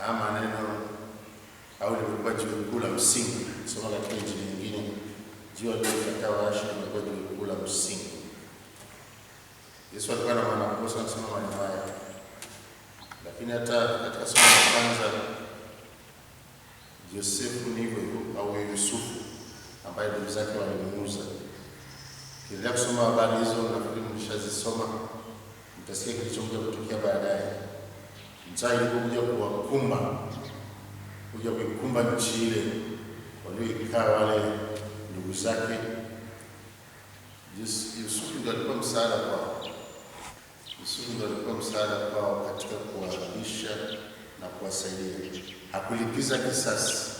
Haya maneno au limekuwa jiwe kuu la msingi. Soma katika injili nyingine, jiwe lililokataa waashi limekuwa jiwe kuu la msingi. Yesu alikuwa na mwanafunzi sana maneno haya, lakini hata katika somo la kwanza Yosefu ni hivyo hivyo, au Yusufu ambaye ndugu zake walimuuza. Kiendelea kusoma habari hizo, nafikiri mlishazisoma, mtasikia kilichokuja kutokea baadaye njaa ilipokuja kuwakumba kuja kuikumba nchi ile, walioikaa wale ndugu zake Yusufu ndo alikuwa msaada kwao. Yusufu ndo alikuwa msaada kwao katika kuwarudisha na kuwasaidia. Hakulipiza kisasi,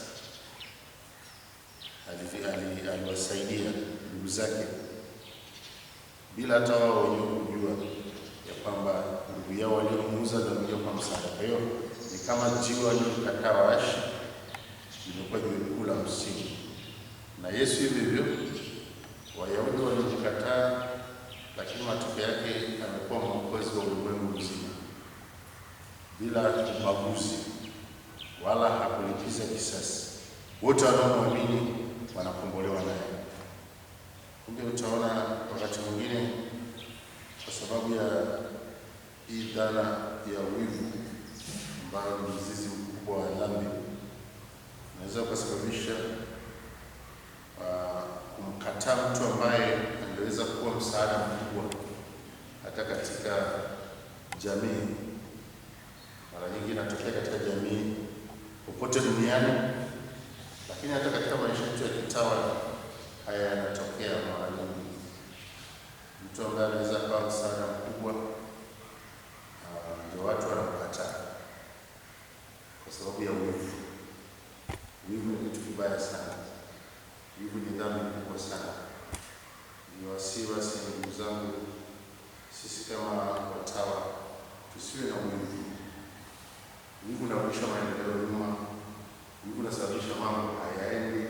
aliwasaidia ndugu zake bila hata wao wenyewe kujua ya kwamba uyao waliomuuza ndio kwa msaada. Kwa hiyo ni kama jiwe alilolikataa waashi, limekuwa jiwe kuu la msingi. Na Yesu hivyo hivyo, Wayahudi walimkataa, lakini matokeo yake amekuwa mwokozi wa ulimwengu mzima bila ubaguzi, wala hakulipiza kisasi. Wote wanaomwamini wanakombolewa naye. Kumbe utaona hii dhana ya wivu ambayo ni mzizi mkubwa wa dhambi unaweza ukasababisha uh, ah, kumkataa mtu ambaye angeweza kuwa msaada mkubwa hata katika jamii. Mara nyingi inatokea katika jamii popote duniani, lakini hata katika maisha yetu ya kitawa ya wivu. Wivu ni kitu kibaya sana. Wivu ni dhambi kubwa sana. Ni wasiwasi, ndugu zangu, sisi kama watawa tusiwe na wivu. Wivu unarudisha maendeleo nyuma. Wivu unasababisha mambo hayaendi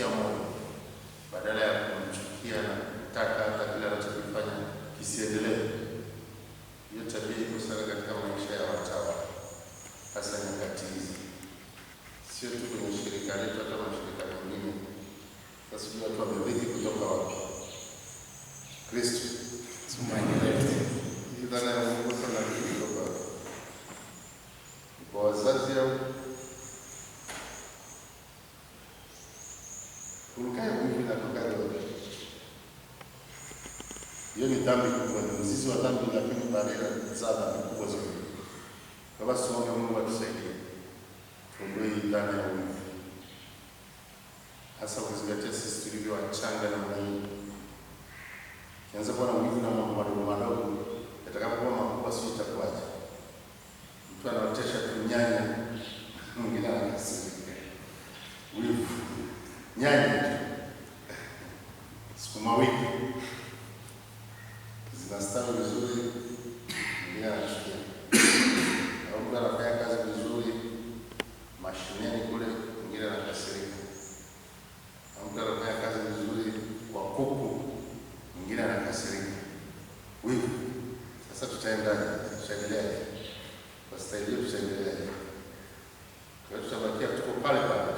kumtia moyo badala ya kumchukia na kutaka hata kile anachokifanya kisiendelee. Hiyo tabia iko sana katika maisha ya watawa, hasa nyakati hizi, sio tu kwenye shirika letu, hata mashirika mengine. Sasa watu wamerithi kutoka wapi? Kristo hii dhana ya uongozi na kutoka kwa wazazi au Ulikaya wivu inatoka yote. Hiyo ni dhambi kubwa, ni mzizi wa dhambi, lakini baadaye zaa dhambi kubwa zaidi. Baba, tuombe Mungu atusaidie tuondoe hii dhana ya wivu, hasa ukizingatia sisi tulivyo wachanga na mwanangu. Ukianza kuwa na wivu na mambo madogo madogo, yatakapokuwa makubwa, sijui itakuwaje. Mtu anaotesha tu nyanya, mwingine anakasiri nyanya, sukuma wiki zinastawi vizuri, ndio anashukia au anafanya kazi vizuri mashineni kule, mwingine anakasirika au anafanya kazi vizuri kwa kuku, mwingine anakasirika wivu. Sasa tutaenda tutaendelea kwa staili, tutaendelea kwa tutabakia tuko pale pale